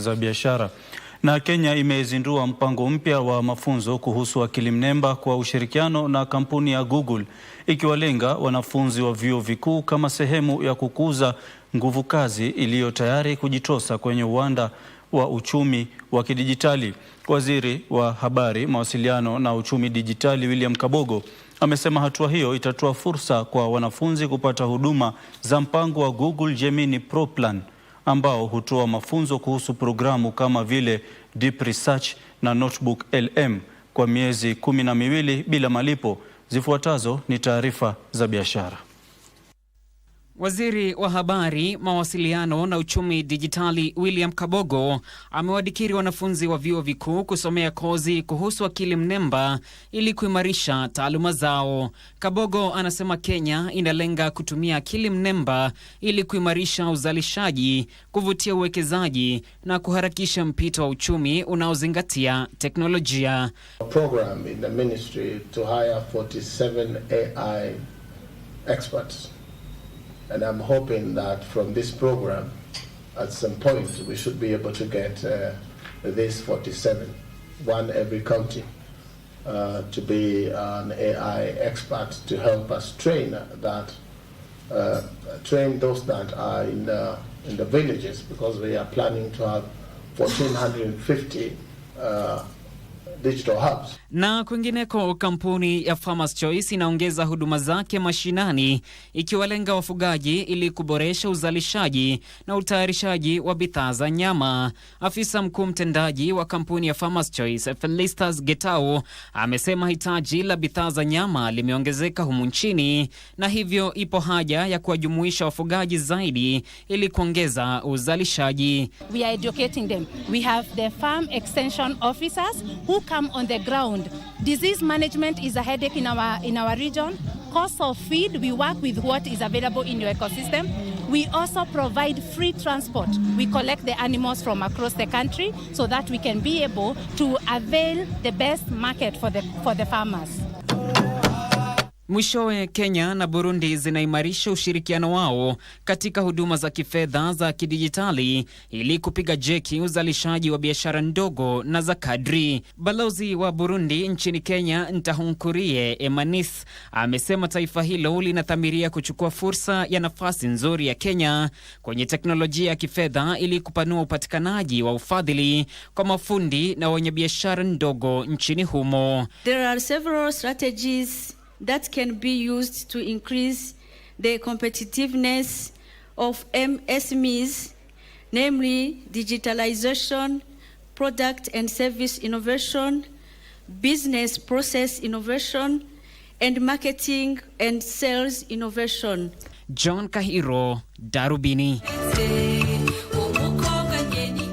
za biashara. Na Kenya imezindua mpango mpya wa mafunzo kuhusu akili mnemba kwa ushirikiano na kampuni ya Google, ikiwalenga wanafunzi wa vyuo vikuu kama sehemu ya kukuza nguvu kazi iliyo tayari kujitosa kwenye uwanda wa uchumi wa kidijitali. Waziri wa Habari, Mawasiliano na Uchumi Dijitali William Kabogo amesema hatua hiyo itatoa fursa kwa wanafunzi kupata huduma za mpango wa Google Gemini Pro Plan ambao hutoa mafunzo kuhusu programu kama vile Deep Research na Notebook LM kwa miezi kumi na miwili bila malipo. Zifuatazo ni taarifa za biashara. Waziri wa Habari, Mawasiliano na Uchumi Dijitali William Kabogo amewadikiri wanafunzi wa vyuo vikuu kusomea kozi kuhusu akili mnemba ili kuimarisha taaluma zao. Kabogo anasema Kenya inalenga kutumia akili mnemba ili kuimarisha uzalishaji, kuvutia uwekezaji na kuharakisha mpito wa uchumi unaozingatia teknolojia. And I'm hoping that from this program, at some point, we should be able to get uh, these 47, one every county, uh, to be an AI expert to help us train that, uh, train those that are in the, in the villages, because we are planning to have 1,450 digital hubs. Na kwingineko, kampuni ya Farmers Choice inaongeza huduma zake mashinani ikiwalenga wafugaji ili kuboresha uzalishaji na utayarishaji wa bidhaa za nyama. Afisa mkuu mtendaji wa kampuni ya Farmers Choice Felistas Getau amesema hitaji la bidhaa za nyama limeongezeka humu nchini na hivyo ipo haja ya kuwajumuisha wafugaji zaidi ili kuongeza uzalishaji. We are educating them. We have the farm extension officers who Come on the ground. Disease management is a headache in our, in our region. Cost of feed, we work with what is available in your ecosystem. We also provide free transport. We collect the animals from across the country so that we can be able to avail the best market for the, for the farmers. Mwishowe, Kenya na Burundi zinaimarisha ushirikiano wao katika huduma za kifedha za kidijitali ili kupiga jeki uzalishaji wa biashara ndogo na za kadri. Balozi wa Burundi nchini Kenya, Ntahunkurie Emanis, amesema taifa hilo linathamiria kuchukua fursa ya nafasi nzuri ya Kenya kwenye teknolojia ya kifedha ili kupanua upatikanaji wa ufadhili kwa mafundi na wenye biashara ndogo nchini humo. There are several strategies that can be used to increase the competitiveness of MSMEs, namely digitalization, product and service innovation, business process innovation, and marketing and sales innovation. John Kahiro, Darubini.